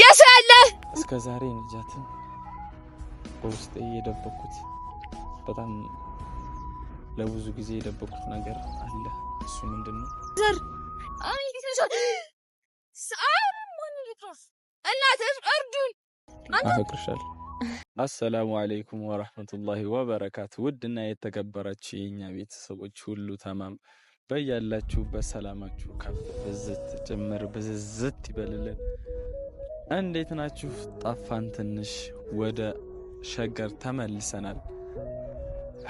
የሱ ያለ እስከ ዛሬ ነጃትን በውስጤ የደበኩት በጣም ለብዙ ጊዜ የደበኩት ነገር አለ። እሱ ምንድን ነው? አፈቅርሻለሁ። አሰላሙ አለይኩም ወራህመቱላሂ ወበረካቱ። ውድና የተከበራችሁ የእኛ ቤተሰቦች ሁሉ ተማም በያላችሁበት ሰላማችሁ ከፍ ብዝት ጭምር ብዝዝት ይበልልን። እንዴት ናችሁ? ጠፋን ትንሽ ወደ ሸገር ተመልሰናል።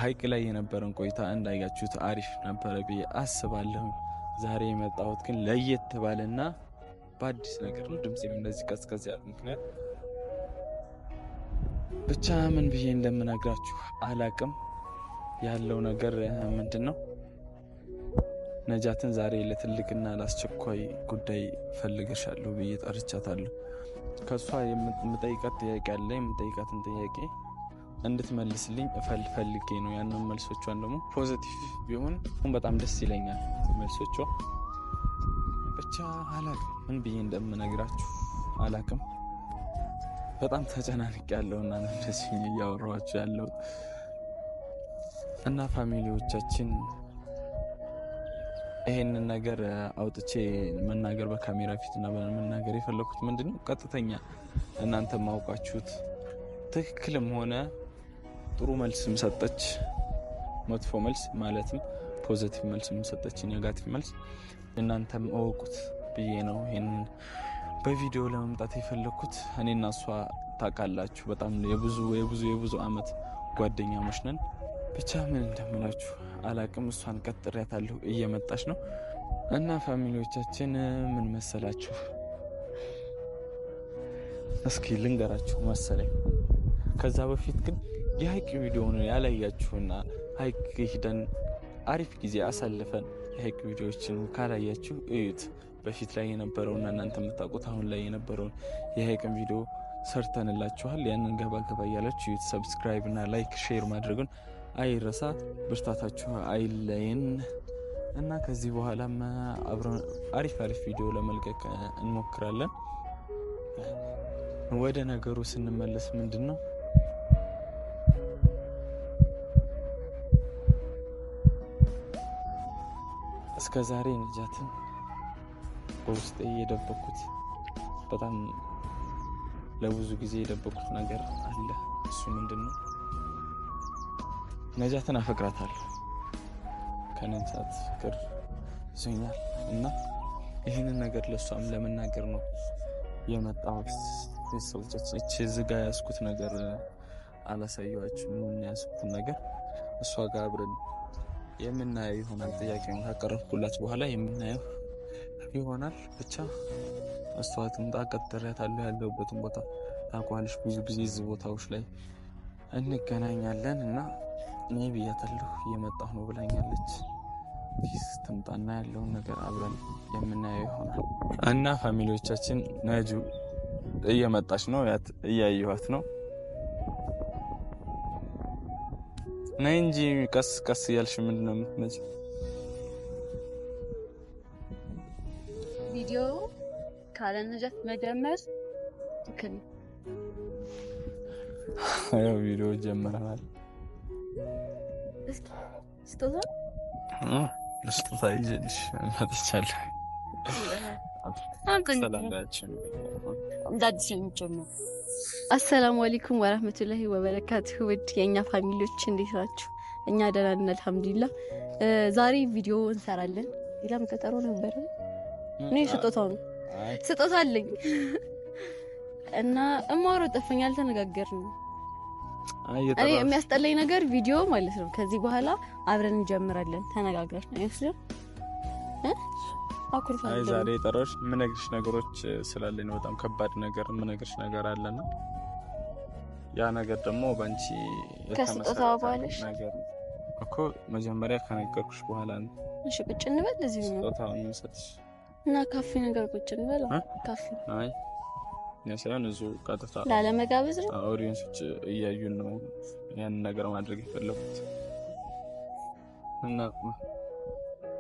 ሀይቅ ላይ የነበረን ቆይታ እንዳያችሁት አሪፍ ነበረ ብዬ አስባለሁ። ዛሬ የመጣሁት ግን ለየት ባለና በአዲስ ነገር ነው። ድምፅ እንደዚህ ቀዝቀዝ ያለ ምክንያት ብቻ ምን ብዬ እንደምነግራችሁ አላቅም። ያለው ነገር ምንድን ነው? ነጃትን ዛሬ ለትልቅና ለአስቸኳይ ጉዳይ ፈልገሻለሁ ብዬ ጠርቻታለሁ። ከእሷ የምጠይቃት ጥያቄ አለ። የምጠይቃትን ጥያቄ እንድትመልስልኝ ፈልፈልጌ ነው። ያንን መልሶቿን ደግሞ ፖዘቲቭ ቢሆን በጣም ደስ ይለኛል። መልሶቿ ብቻ አላቅም፣ ምን ብዬ እንደምነግራችሁ አላቅም። በጣም ተጨናንቅ ያለውና እንደዚህ እያወራኋችሁ ያለው እና ፋሚሊዎቻችን ይሄንን ነገር አውጥቼ መናገር በካሜራ እና መናገር የፈለኩት ምንድን ነው፣ ቀጥተኛ እናንተ ማውቃችሁት ትክክልም ሆነ ጥሩ መልስም ሰጠች፣ መጥፎ መልስ ማለትም ፖዘቲቭ መልስ ሰጠች፣ ኔጋቲቭ መልስ እናንተም እወቁት ብዬ ነው ይሄንን በቪዲዮ ለመምጣት የፈለኩት። እኔና እሷ ታውቃላችሁ፣ በጣም የብዙ የብዙ የብዙ አመት ጓደኛሞች ነን። ብቻ ምን እንደምላችሁ አላቅም። እሷን ቀጥሬያታለሁ እየመጣች ነው። እና ፋሚሊዎቻችን ምን መሰላችሁ፣ እስኪ ልንገራችሁ መሰለኝ። ከዛ በፊት ግን የሀይቅ ቪዲዮን ያላያችሁና ሀይቅ ሂደን አሪፍ ጊዜ አሳልፈን የሀይቅ ቪዲዮዎችን ካላያችሁ እዩት። በፊት ላይ የነበረውና እናንተ የምታውቁት አሁን ላይ የነበረውን የሀይቅን ቪዲዮ ሰርተንላችኋል። ያንን ገባ ገባ እያላችሁ እዩት። ሰብስክራይብ እና ላይክ ሼር ማድረግን አይረሳ፣ ብርታታችሁ አይለየን እና ከዚህ በኋላም አብረን አሪፍ አሪፍ ቪዲዮ ለመልቀቅ እንሞክራለን። ወደ ነገሩ ስንመለስ ምንድን ነው እስከ ዛሬ ነጃትን በውስጤ የደበኩት በጣም ለብዙ ጊዜ የደበኩት ነገር አለ። እሱ ምንድን ነው? ነጃትን አፈቅራታለሁ። ከነጃት ፍቅር ይዞኛል እና ይህንን ነገር ለእሷም ለመናገር ነው የመጣሁት። ቤተሰቦቻችን እቺ እዚህ ጋ ያዝኩት ነገር አላሳየኋችሁም። ያዝኩትን ነገር እሷ ጋር አብረን የምናየው ይሆናል። ጥያቄውን ካቀረብኩላት በኋላ የምናየው ይሆናል። ብቻ እሷ ትምጣ፣ ቀጥሬያታለሁ። ያለሁበትን ቦታ ታውቃለች። ብዙ ጊዜ እዚህ ቦታዎች ላይ እንገናኛለን እና ነይ ብያታለሁ እየመጣሁ ነው ብላኛለች። ፒስ ትምጣና ያለውን ነገር አብረን የምናየው ይሆናል እና ፋሚሊዎቻችን ነጁ እየመጣች ነው፣ ያት እያየኋት ነው። ነይ እንጂ ቀስ ቀስ እያልሽ ምንድን ነው ቪዲዮ ካለ ነጃት መጀመር ትክክል። ቪዲዮ ጀምረናል። እስኪ ስጦታ ለስጦታ ይዘልሽ መጥቻለሁ። አሰላሙ አለይኩም ወራህመቱላሂ ወበረካቱሁ። ውድ የእኛ ፋሚሊዎች እንዴት ናችሁ? እኛ ደህና ነን አልሐምዱሊላህ። ዛሬ ቪዲዮ እንሰራለን። ኢላም ቀጠሮ ነበረ። እኔ ስጦታ ነው ስጦታ አለኝ እና እማወራው ጠፋኝ፣ አልተነጋገርንም እኔ የሚያስጠላኝ ነገር ቪዲዮ ማለት ነው። ከዚህ በኋላ አብረን እንጀምራለን ተነጋግራችሁ አይመስልም? አይ ዛሬ የጠራሁሽ የምነግርሽ ነገሮች ስላለኝ ነው። በጣም ከባድ ነገር የምነግርሽ ነገር አለና ያ ነገር ደግሞ በአንቺ ከስጦታ ባለሽ ነገር እኮ መጀመሪያ ከነገርኩሽ በኋላ ነው። እሺ ቁጭ እንበል። እዚህ ነው ስጦታውን የምሰጥሽ እና ካፌ ነገር ቁጭ እንበል። ካፌ አይ ሳይሆን እዙ ቀጥታ ላለመጋበዝ ነው። ኦዲየንሶች እያዩን ነው ያን ነገር ማድረግ የፈለጉት እና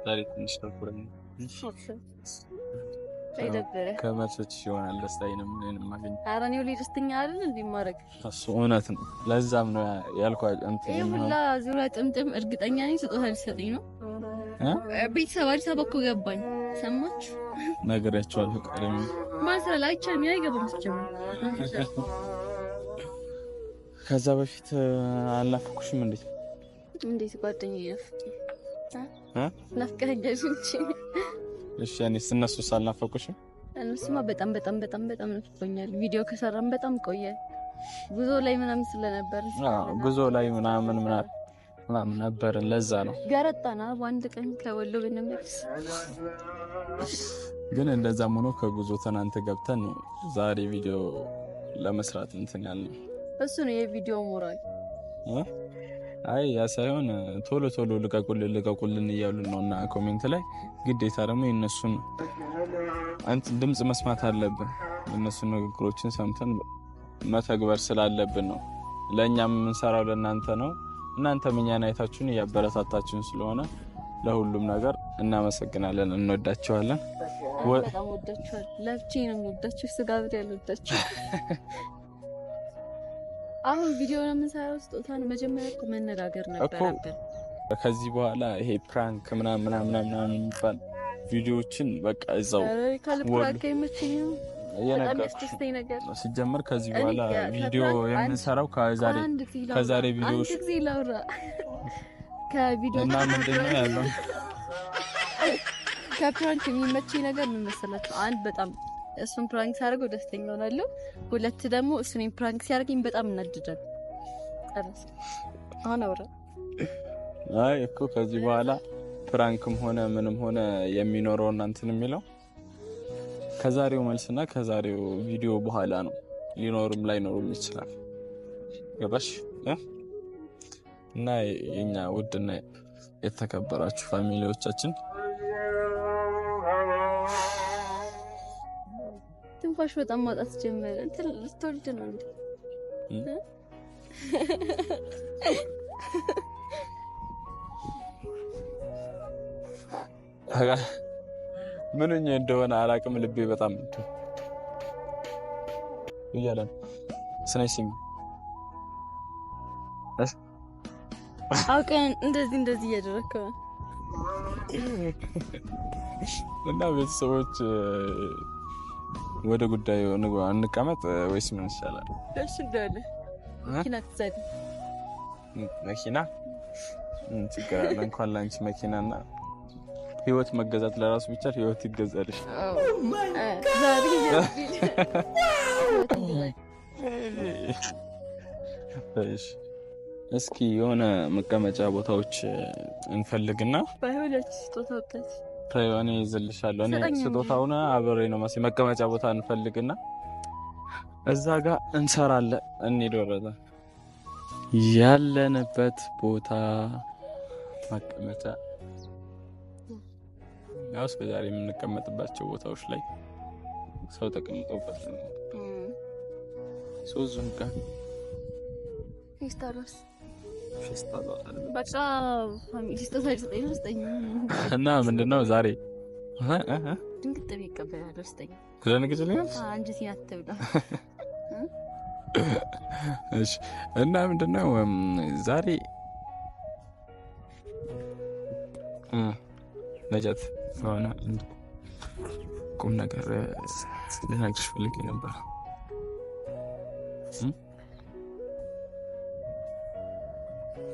ዛሬ ትንሽ ተኩረኝ ከመልሶች ይሆናል ደስታዬንም እኔንም ማገኝ ኧረ እኔ ሁሌ ደስተኛ አይደል እንደ ማድረግ እሱ እውነት ነው። ለዛም ነው ያልኳት እንትን ይሄ ሁላ ዙሪያ ጥምጥም እርግጠኛ ነኝ ስጦታ ሊሰጠኝ ነው። ቤተሰብ አዲስ አበባ እኮ ገባኝ ሰማችሁ፣ ነግሬያቸዋለሁ ቀደም ማስራል አይቻልም። አይገባም ሲጀምር ከዛ በፊት አልናፈኩሽም እንዴ? እንዴት ጓደኛዬ ናፍቀኝ እ ናፍቀኸኛል እንጂ እሺ። እኔስ ስነሱ አልናፈቁሽም? እነሱማ በጣም በጣም በጣም በጣም ናፍቆኛል። ቪዲዮ ከሰራን በጣም ቆየ። ጉዞ ላይ ምናምን ስለነበር አዎ፣ ጉዞ ላይ ምናምን ምናምን ምናምን ነበር። ለዛ ነው ገረጣና አንድ ቀን ከወሎ ብንመለስ ግን እንደዛም ሆኖ ከጉዞ ተናንተ ገብተን ነው ዛሬ ቪዲዮ ለመስራት እንትን ያልነው። እሱ ነው የቪዲዮ ሞራል። አይ ያ ሳይሆን ቶሎ ቶሎ ልቀቁልን ልቀቁልን እያሉን ነው፣ እና ኮሜንት ላይ ግዴታ ደግሞ የነሱን እንትን ድምፅ መስማት አለብን። የነሱን ንግግሮችን ሰምተን መተግበር ስላለብን ነው። ለእኛም የምንሰራው ለእናንተ ነው። እናንተም እኛን አይታችሁን እያበረታታችሁን ስለሆነ ለሁሉም ነገር እናመሰግናለን፣ እንወዳችኋለን። በጣም ወዳችኋል። ለብቻዬ ነው ስጋ ብሬ አሁን ቪዲዮ ነው የምንሰራው። መጀመሪያ እኮ መነጋገር ነበረብን። ከዚህ በኋላ ይሄ ፕራንክ ምናምን ምናምን ምናምን የሚባል ቪዲዮዎችን በቃ እዛው ሲጀመር ከዚህ በኋላ ቪዲዮ የምንሰራው ከዛሬ ከዛሬ ቪዲዮዎች ከቪዲዮ እና ምንድን ነው ያለው ከፕራንክ የሚመቸኝ ነገር ምን መሰላችሁ? አንድ በጣም እሱን ፕራንክ ሲያደርገው ደስተኛ ሆናለሁ። ሁለት ደግሞ እሱን ፕራንክ ሲያደርገኝ በጣም እናድዳለሁ። አሁን አውራ አይ እኮ ከዚህ በኋላ ፕራንክም ሆነ ምንም ሆነ የሚኖረው እናንትን የሚለው ከዛሬው መልስና ከዛሬው ቪዲዮ በኋላ ነው። ሊኖርም ላይኖርም ይችላል። ገባሽ? እና የኛ ውድና የተከበራችሁ ፋሚሊዎቻችን ትንፋሽ በጣም ማጣት ጀመረ። ልትወልድ ነው እንዴ? ምን ምንኛ እንደሆነ አላቅም። ልቤ በጣም እያለ ነው። ስነሽኝ አውቀን እንደዚህ እንደዚህ እያደረግከው እና ቤተሰቦች ወደ ጉዳዩ እንቀመጥ ወይስ ምን ይሻላል? እሺ እንደሆነ መኪና ትዛኝ መኪና ችግር አለ። እንኳን ለአንቺ መኪናና ህይወት መገዛት ለራሱ ብቻ ህይወት ይገዛልሽ። እስኪ የሆነ መቀመጫ ቦታዎች እንፈልግና ባይሆን ስጦታ ታዩ እኔ ይዝልሻለሁ። እኔ ስጦታውን አብሬ ነው መስ መቀመጫ ቦታ እንፈልግና እዛ ጋር እንሰራለን። እንሂድ ወረደ ያለንበት ቦታ መቀመጫ ያው እስከ ዛሬ የምንቀመጥባቸው ቦታዎች ላይ ሰው ተቀምጦበት ነው ሶዙን ጋር እና ምንድን ነው ዛሬ ድንግጥ ይቀበላል ደስተኛ እና ምንድን ነው ዛሬ ነጃት ሆነ ቁም ነገር ልነግርሽ ፈልጌ ነበር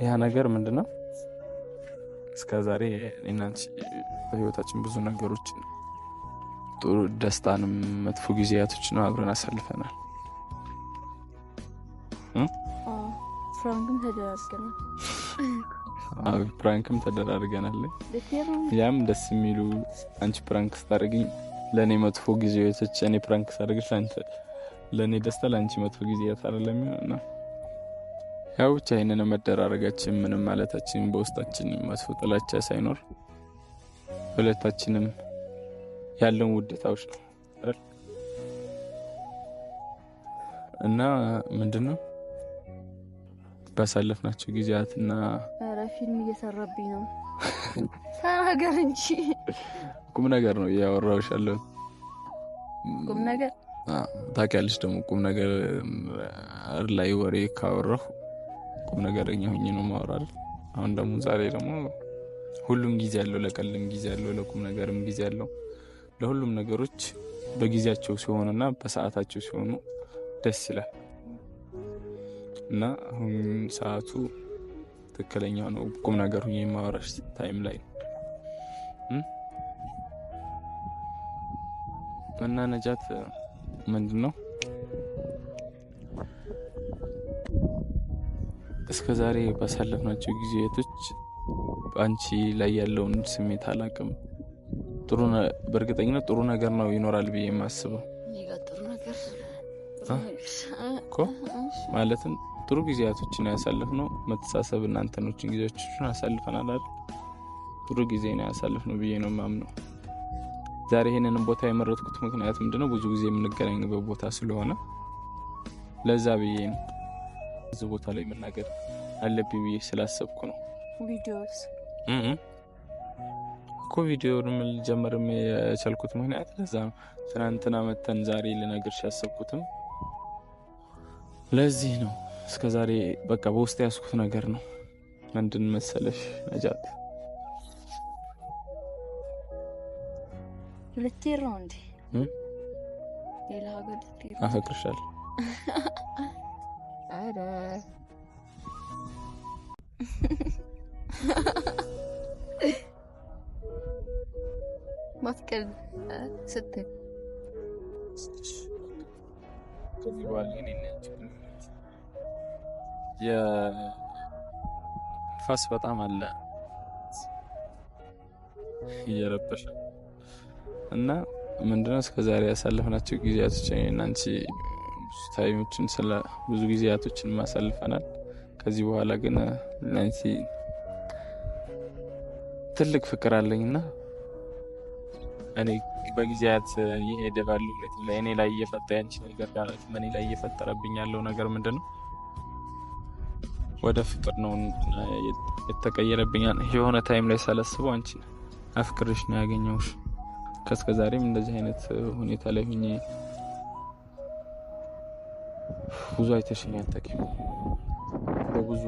ያ ነገር ምንድን ነው? እስከ ዛሬ እናንቺ በህይወታችን ብዙ ነገሮች ጥሩ ደስታንም መጥፎ ጊዜያቶች ነው አብረን አሳልፈናል። ፕራንክም ተደራርገናል። ያም ደስ የሚሉ አንቺ ፕራንክ ስታደርግኝ ለእኔ መጥፎ ጊዜያቶች፣ እኔ ፕራንክ ስታደርግ ለእኔ ደስታ ለአንቺ መጥፎ ጊዜያት አይደለም ነው ያው ብቻ ይህንን መደራረጋችን ምንም ማለታችን በውስጣችን መጥፎ ጥላቻ ሳይኖር ሁለታችንም ያለን ውደታዎች ነው እና ምንድን ነው ባሳለፍናቸው ጊዜያት እና ኧረ ፊልም እየሰራብኝ ነው ተናገር እንጂ ቁም ነገር ነው እያወራሁሽ ያለሁት ቁም ነገር ታውቂያለሽ ደግሞ ቁም ነገር ላይ ወሬ ካወራሁ ቁም ነገረኛ ሁኝ ነው ማወራል። አሁን ደግሞ ዛሬ ደግሞ ሁሉም ጊዜ ያለው ለቀልም ጊዜ ያለው ለቁም ነገርም ጊዜ ያለው ለሁሉም ነገሮች በጊዜያቸው ሲሆኑና በሰዓታቸው ሲሆኑ ደስ ይላል እና አሁን ሰዓቱ ትክክለኛ ነው። ቁም ነገር ሁኝ የማወራሽ ታይም ላይ እና ነጃት ምንድን ነው እስከ ዛሬ ባሳለፍናቸው ጊዜያቶች በአንቺ ላይ ያለውን ስሜት አላቅም በእርግጠኝነት ጥሩ ነገር ነው ይኖራል ብዬ የማስበው እኮ ማለትም ጥሩ ጊዜያቶችን ያሳልፍ ነው መተሳሰብ እናንተኖችን ጊዜዎችን አሳልፈናል አይደል? ጥሩ ጊዜ ነው ያሳልፍ ነው ብዬ ነው የማምነው። ዛሬ ይህንንም ቦታ የመረጥኩት ምክንያት ምንድነው? ብዙ ጊዜ የምንገናኝበት ቦታ ስለሆነ ለዛ ብዬ ነው። እዚህ ቦታ ላይ መናገር አለብኝ ብዬ ስላሰብኩ ነው። ቪዲዮስ እኮ ቪዲዮ ልጀምርም የቻልኩት ምክንያት ለዛ ነው። ትናንትና መተን ዛሬ ልነግርሽ ያሰብኩትም ለዚህ ነው። እስከ ዛሬ በቃ በውስጥ ያስኩት ነገር ነው። ምንድን መሰለሽ ነጃት፣ ልትሄድ ነው እንዴ? ሌላ ሀገር አፈቅርሻለሁ ኧረ ማፍቀር ስትል የንፋስ በጣም አለ እየረበሸ እና ምንድነው እስከዛሬ ያሳለፍናቸው ጊዜያቶች እኔና አንቺ ታይሞችን ስለ ብዙ ጊዜያቶችን ማሳልፈናል። ከዚህ በኋላ ግን ለአንቺ ትልቅ ፍቅር አለኝ እና እኔ በጊዜያት እየሄደ ባሉ እኔ ላይ እየፈጠ ያንቺ ነገር ጋር እኔ ላይ እየፈጠረብኝ ያለው ነገር ምንድን ነው? ወደ ፍቅር ነው የተቀየረብኛል። የሆነ ታይም ላይ ሳላስበው አንቺ አፍቅርሽ ነው ያገኘውሽ ከስከዛሬም እንደዚህ አይነት ሁኔታ ላይ ሁኜ ብዙ አይተሽኝ አታውቂም። በብዙ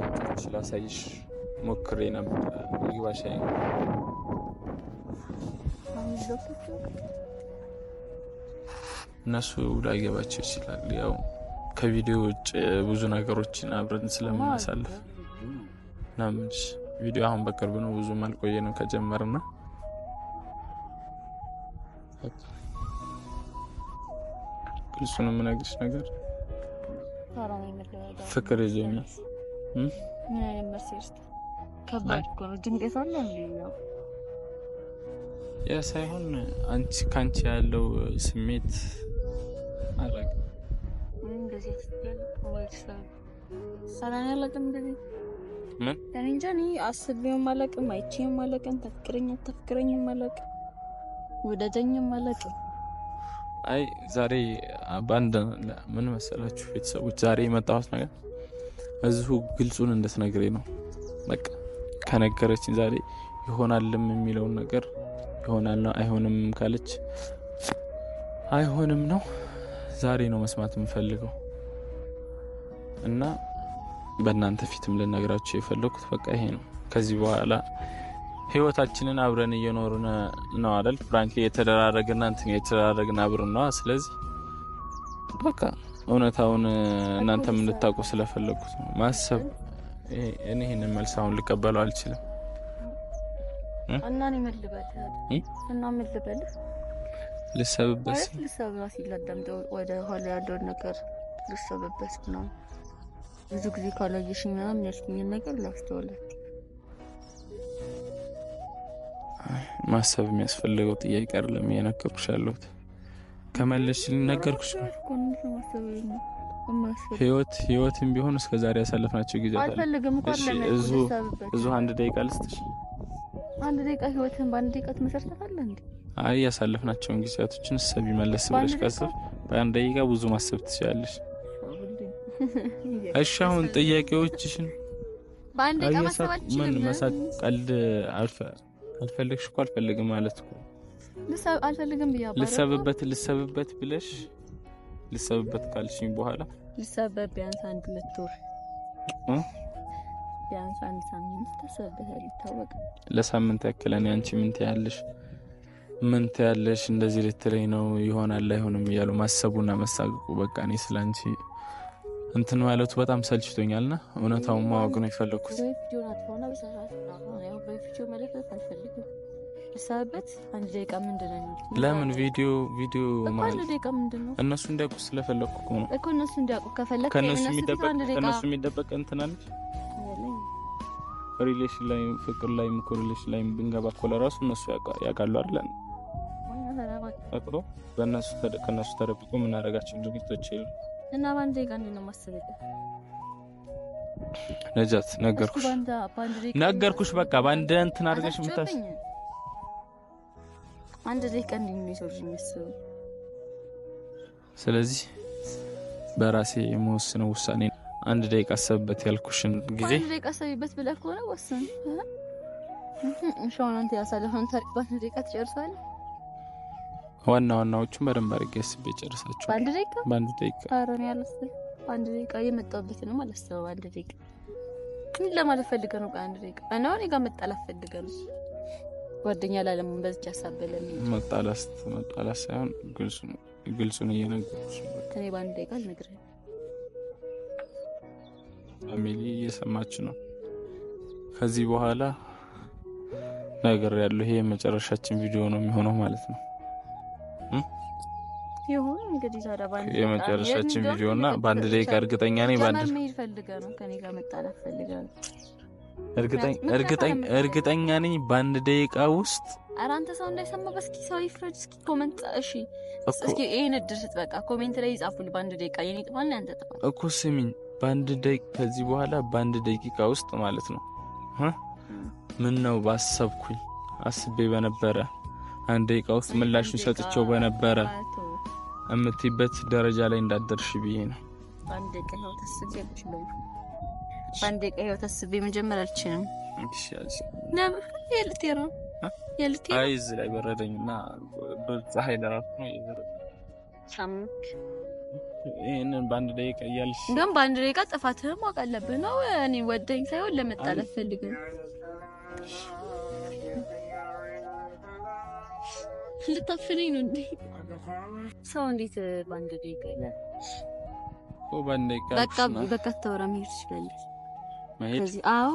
ፎቶች ላሳይሽ ሞክሬ ነበር። ይግባሻ እነሱ ላይገባቸው ይችላል። ያው ከቪዲዮ ውጭ ብዙ ነገሮችን አብረን ስለምናሳልፍ ምናምን ቪዲዮ አሁን በቅርብ ነው፣ ብዙ አልቆየ ነው ከጀመርና እሱ ነው የምነግርሽ ነገር ፍቅር ይዞኛል። ያ ሳይሆን አንቺ ካንቺ ያለው ስሜት አላውቅም። ምን እኔ እንጃ። እኔ አስቤውም አላውቅም፣ አይቼውም አላውቅም፣ ተፍቅረኛ ተፍቅረኝም አላውቅም፣ አላውቅም አይ ዛሬ በአንድ ምን መሰላችሁ ቤተሰቦች፣ ዛሬ የመጣሁት ነገር እዚሁ ግልጹን እንድትነግሬ ነው። በቃ ከነገረችን ዛሬ ይሆናልም የሚለውን ነገር ይሆናል ነው፣ አይሆንም ካለች አይሆንም ነው። ዛሬ ነው መስማት የምፈልገው እና በእናንተ ፊትም ልነግራችሁ የፈለኩት በቃ ይሄ ነው። ከዚህ በኋላ ህይወታችንን አብረን እየኖርን ነው አይደል? ፍራንክ የተደራረግና እንትን የተደራረግን አብረን ነው ስለዚህ በቃ እውነታውን እናንተ እንድታውቁ ስለፈለግኩት ነው ማሰብ። እኔ ይህንን መልስ አሁን ልቀበለው አልችልም። እና እኔ እና ምን ልበልህ ልሰብበት ልሰብበት ይላዳምጠው ወደ ኋላ ያለውን ነገር ልሰብበት ነው ብዙ ጊዜ ካላየሽኝ ምናምን ያልሽኝን ነገር ላስተውላል ማሰብ የሚያስፈልገው ጥያቄ አይደለም እየነገርኩሽ ያለሁት። ከመለስሽ ልነገርኩሽ ህይወት ህይወትም ቢሆን እስከ ዛሬ ያሳለፍናቸው ጊዜ እዚሁ አንድ ደቂቃ ልስጥሽ። አንድ ደቂቃ ህይወትን በአንድ ደቂቃ ትመሰርታለህ እንዴ? አይ ያሳለፍናቸውን ጊዜያቶችን ሰቢ ይመለስ ብለሽ ካሰብ በአንድ ደቂቃ ብዙ ማሰብ ትችላለሽ። እሺ አሁን ጥያቄዎችሽን በአንድ ደቂቃ ማሰብ አልችልም። ምን መሳቅ ቀልድ አልፈ አልፈልግሽ እኮ አልፈልግም ማለት እኮ አልፈልግም ብያ ልሰብበት ልሰብበት ብለሽ ልሰብበት ካልሽኝ በኋላ ልሰብበት ቢያንስ አንድ ሁለት ወር ቢያንስ አንድ ሳምንት ተሰብበታል። ይታወቃል። ለሳምንት ያክል እኔ አንቺ ምን ትያለሽ ምን ትያለሽ እንደዚህ ልትለኝ ነው ይሆናል አይሆንም እያሉ ማሰቡና መሳቀቁ በቃ እኔ ስለ አንቺ እንትን ማለቱ በጣም ሰልችቶኛል ሰልችቶኛልና እውነታውን ማወቅ ነው የፈለግኩት። ለምን ቪዲዮ ቪዲዮ እነሱ እንዲያውቁ ስለፈለግኩ እኮ ነው እነሱ እንዲያውቁ ከፈለግ ከእነሱ የሚደበቅ እንትን አለች ሪሌሽን ላይ ፍቅር ላይ እኮ ሪሌሽን ላይ ብንገባ እኮ ለራሱ እነሱ ያውቃሉ አይደል? በእነሱ ከእነሱ ተደብቆ የምናደርጋቸው ድርጊቶች የሉ እና በአንድ ደቂቃ እንዴት ነው ነጃት ነገርኩሽ፣ ነገርኩሽ። በቃ በአንድ እንትን አድርገሽ ምታስ አንድ ደቂቃ እንዴት ነው የሰው ልጅ የሚያስበው? ስለዚህ በራሴ የመወስነው ውሳኔ አንድ ደቂቃ አሰብበት ያልኩሽን ጊዜ አንድ ደቂቃ አሰብበት ብለህ ከሆነ ወስን። እሺ አሁን አንተ ያሳለፈውን ታሪክ በአንድ ደቂቃ ትጨርሳለህ? ዋና ዋናዎቹን በደንብ አድርጌ አስቤ ጨርሳቸው በአንድ ደቂቃ በአንድ ደቂቃ ኧረ እኔ በአንድ ደቂቃ የመጣሁበትንም አላስብም። በአንድ ደቂቃ ምን ለማለት ፈልገህ ነው? በአንድ ደቂቃ እና እኔ ጋር መጣላት ፈልገህ ነው? ጓደኛ ላለሙ በዚች ሀሳብ በለም መጣላት መጣላት ሳይሆን ግልጹን እየነገርኩሽ እኔ በአንድ ደቂቃ አልነግርህም። ፋሚሊ እየሰማች ነው። ከዚህ በኋላ ነገር ያለው ይሄ የመጨረሻችን ቪዲዮ ነው የሚሆነው ማለት ነው። ይሁን እንግዲህ ታዲያ ባንድ የመጨረሻችን ቪዲዮ እና በአንድ ደቂቃ እርግጠኛ ነኝ ባንድ መሄድ ፈልገህ ነው ከኔ ጋር መጣላት ፈልገህ ነው እርግጠኛ ነኝ በአንድ ደቂቃ ውስጥ ኧረ አንተ ሰው እንዳይሰማ በስኪ ሰው ይፍረድ እስኪ ኮሜንት እሺ እስኪ ይሄን እድል ስጥ በቃ ኮሜንት ላይ ይጻፉል በአንድ ደቂቃ የኔ ጥፋት ነው ያንተ ጥፋ እኮ ስሚኝ በአንድ ደቂቃ ከዚህ በኋላ በአንድ ደቂቃ ውስጥ ማለት ነው ምን ነው ባሰብኩኝ አስቤ በነበረ አንድ ደቂቃ ውስጥ ምላሽ ሰጥቼው በነበረ እምትይበት ደረጃ ላይ እንዳደርሽ ብዬ ነው። አንድ ደቂቃ ህይወት አስቤ አልችልም። በአንድ ደቂቃ ህይወት አይ እዚህ ላይ በረደኝ እና ፀሐይ ለራሱ ነው የበረደኝ። ይህንን በአንድ ደቂቃ እያልሽ እንደውም በአንድ ደቂቃ ጥፋትህን ማወቅ አለብህ ነው። እኔ ወደኝ ሳይሆን ለመጣላት ፈልግ ልታፍነኝ ነው እንዴ? ሰው እንዴት በአንድ ደቂቃ ይላል? በቃ በቃ ታወራ መሄድ ትችላለች። ከዚህ አዎ፣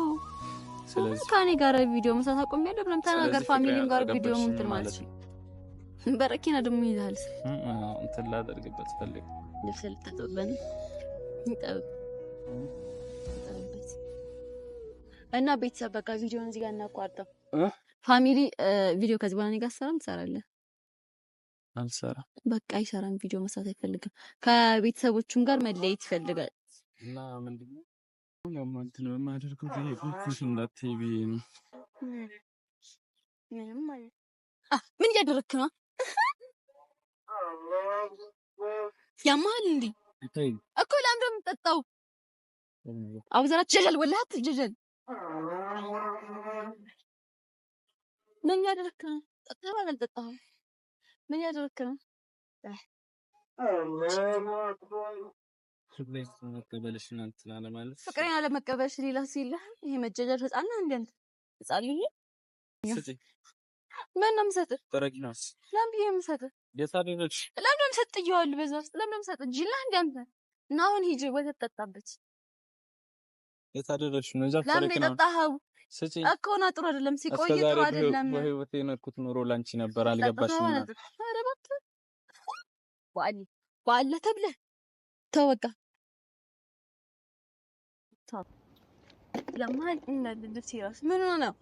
ከኔ ጋር ቪዲዮ መስራት አቆሚያለሁ ብለን ተናገር። ፋሚሊም ጋር ቪዲዮ እንትን ማለት ነው። በረኪና ደግሞ ይልሃል። እንትን ላደርግበት ፈልግ ልብስ ልታጥብበት ይጠብበት እና ቤተሰብ በቃ ቪዲዮን እዚህ ጋር እናቋርጠው። ፋሚሊ ቪዲዮ ከዚህ በኋላ እኔ ጋር ሰላም ትሰራለህ አልሰራም። በቃ አይሰራም። ቪዲዮ መስራት አይፈልግም። ከቤተሰቦቹም ጋር መለየት ይፈልጋል። እና ምንድነው እንትን የማደርገው ጉጉት እንዳትዪ ብዬሽ ነው። ምን እያደረክ ነው? ያማል እንዴ እኮ ለምንድን ነው የምጠጣው? አቡዘራ ትጀዣል፣ ወላሂ ጀጀል ምን እያደረክ ነው? ጠጥተህ አልጠጣህም? ምን ያደረክ ነው? ፍቅሬን አለመቀበልሽ ሌላ ሲል ይሄ ህፃን ነህ እንዴ? ህፃን ልጅ ምን ነው የምሰጥህ? ለምን የምሰጥህ? በዛ ውስጥ ለምን የምሰጥህ? እንዴ አንተ? እና አሁን ሂጅ ወተት ጠጣበት። ነው? እኮ ና ጥሩ አይደለም፣ ሲቆይ ጥሩ አይደለም። በህይወት የኖርኩት ኑሮ ላንቺ ነበር። አልገባሽም? በአለ ተብለ ተው በቃ ምን ነው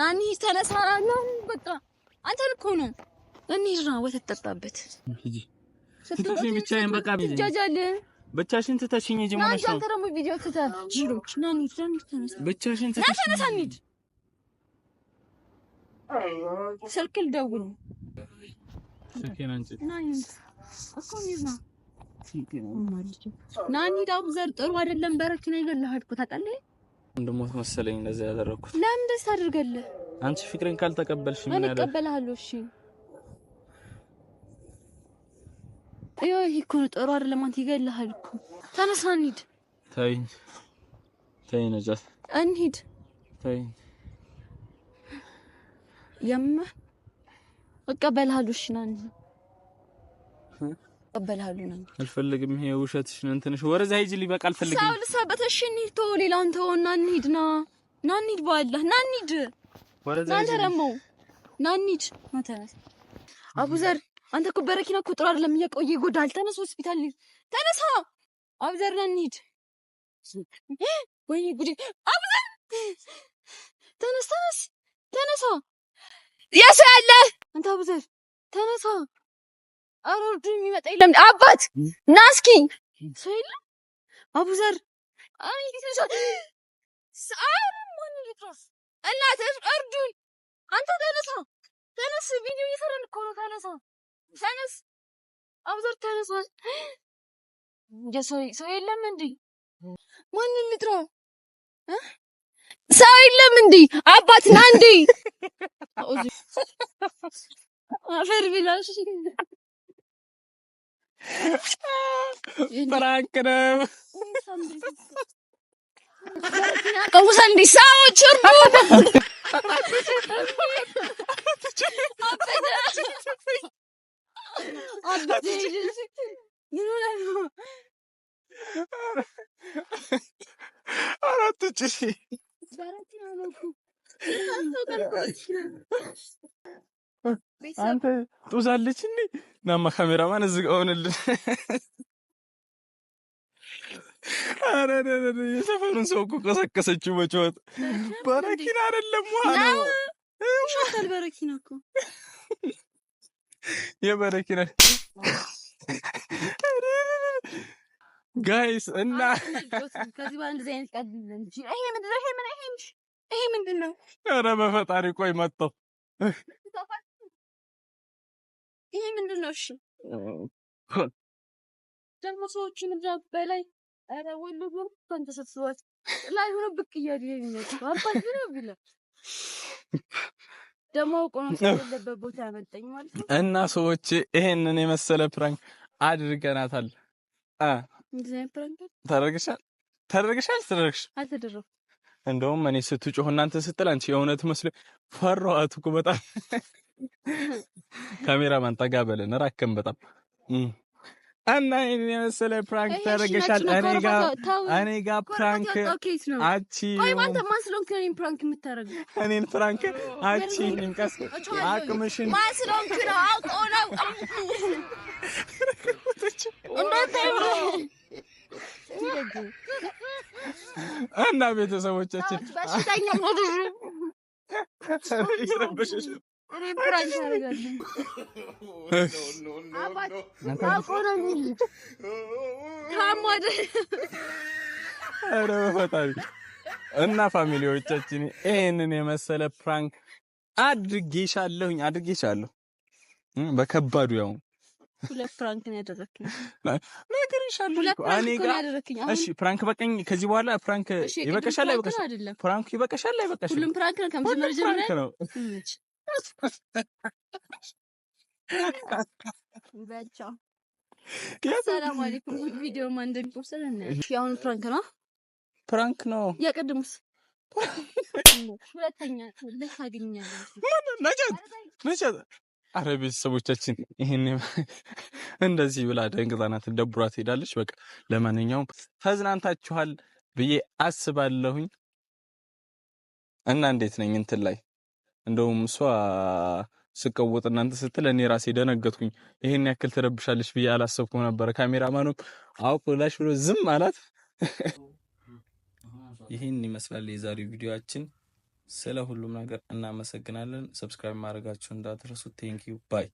ናኒ ተነሳራ በቃ አንተ ልኮ ነው እንሂድ፣ ወተት ጠጣበት ስትይ ብቻሽን ትተሽኝ ሂጂ ማለት ነው። ደግሞ ቪዲዮ ትተህ ብቻሽን ትተሽ ተነሳ፣ እንሂድ። ስልክ ልደውል። ና እንሂድ። አቡዘር ጥሩ አይደለም። በረክ ነው ይገልሃል እኮ ታውቃለህ። ወንድሞት መሰለኝ እንደዚህ ያደረኩት። ለምን ደስ አድርገልህ? አንቺ ፍቅሬን ካልተቀበልሽ ምን ያደርጋል? እቀበልሃለሁ። እሺ ይሄ እኮ ነው ጥሩ አይደለም። አንተ ይገልሃል እኮ ተነሳ፣ እንሂድ። ተይኝ ተይኝ፣ ነጃት እንሂድ። ተይኝ የማ እቀበልሃለሁ። እሺ ና እንሂድ። እቀበልሃለሁ። ና አልፈልግም። ይሄ ውሸትሽ ነው እንትንሽ። ወረዛ ሂጂ። ሊበቃ አልፈልግም። ሰው ልሰበት። እሺ እንሂድ። ተወው፣ ሌላውን ተወው። ና እንሂድ። ና ና እንሂድ። በኋላ ና እንሂድ። ወረዛ ሂጂ። ና ተረመው። ና እንሂድ። ና ተነስ አቡዘር አንተ እኮ በረኪና ቁጥር አይደለም፣ እየቆየ ይጎዳል። ተነስ ሆስፒታል፣ ተነስ፣ አብዘር ነን እንሂድ። ወይኔ ጉዴ! አብዘር ተነስ፣ ተነስ፣ ተነሳ። የሰ ያለ አንተ አብዘር ተነስ። ኧረ እርዱ፣ የሚመጣ የለም። አባት ና እስኪ፣ ሰው የለም። አቡዘር አይ ዲሽ ሳይ ምን ልትሮስ እናት እርዱኝ። አንተ ተነሳ፣ ተነስ። ቪዲዮ እየሰራን እኮ ነው። ተነሳ ተነስ፣ አብዛር ተነስ። እንደ ሰው የለም እንዴ? ማንን እንጥራ? ሰው የለም እንዴ? አባት ና እንዴ! አፈር ቢላሽ ፍራንክ ነው። ቀውሰ እንዴ ሰዎች እርዱ አንተ ጦዛለች እንዴ? እናማ ካሜራማን እዚህ ጋር አረ የሰፈሩን ሰው እኮ ቀሰቀሰችው በጨዋታ በረኪና አይደለም ነው ሻታል በረኪና እኮ የበረኪና ጋይስ እና ከዚህ በኋላ እንደዚህ አይነት ይሄ ምንድን ይሄ ምንድን ነው? ኧረ በፈጣሪ ቆይ መጣሁ። ይሄ ምንድን ነው? እሺ ደግሞ ሰዎች ምንድን በላይ ኧረ ወሎ ቢሆን ተሰብስቧል ላይ ሆኖ ብቅ እያሉ የሚመጡ አባት ብለው ብለ ደግሞ ቆኖ ስለለበት ቦታ ያመልጠኝ ማለት ነው። እና ሰዎች ይሄንን የመሰለ ፕራንክ አድርገናታል። ተደርግሻል ተደርግሻል ተደርግሽ አልተደረኩም። እንደውም እኔ ስትጮህ እናንተ ስትል አንቺ የእውነት መስሎ ፈራኋት እኮ በጣም ካሜራማን ጠጋ በለን ራከን በጣም እና ይህን የመሰለ ፕራንክ ታደርገሻል። እኔ ጋር ፕራንክ አቺ እኔን ፕራንክ አቺ ንቀስ ቀስ አቅምሽን እና ቤተሰቦቻችን እና ፋሚሊዎቻችን ይህንን የመሰለ ፕራንክ አድርጌሻለሁኝ አድርጌሻለሁ በከባዱ ያው ሁለት ፕራንክ ነው ያደረክኝ። ፕራንክ በቀኝ ከዚህ በኋላ ፕራንክ ይበቀሻል ፕራንክ ይበቀሻል ሁሉም ፕራንክ ነው። ብቻ ሰላም ፕራንክ ነው፣ ፕራንክ ነው። የቅድሙስ ሁለተኛ አረ ቤተሰቦቻችን ይህን እንደዚህ ብላ ደንግጣናት ደብሯ ትሄዳለች። በቃ ለማንኛውም ተዝናንታችኋል ብዬ አስባለሁኝ እና እንዴት ነኝ እንትን ላይ እንደውም እሷ ስቀወጥ እናንተ ስትል እኔ ራሴ ደነገጥኩኝ። ይሄን ያክል ትረብሻለች ብዬ አላሰብኩ ነበረ። ካሜራማኑም አዎ ላሽ ብሎ ዝም አላት። ይህን ይመስላል የዛሬው ቪዲዮአችን። ስለ ሁሉም ነገር እናመሰግናለን። ሰብስክራይብ ማድረጋችሁ እንዳትረሱ። ቴንኪዩ ባይ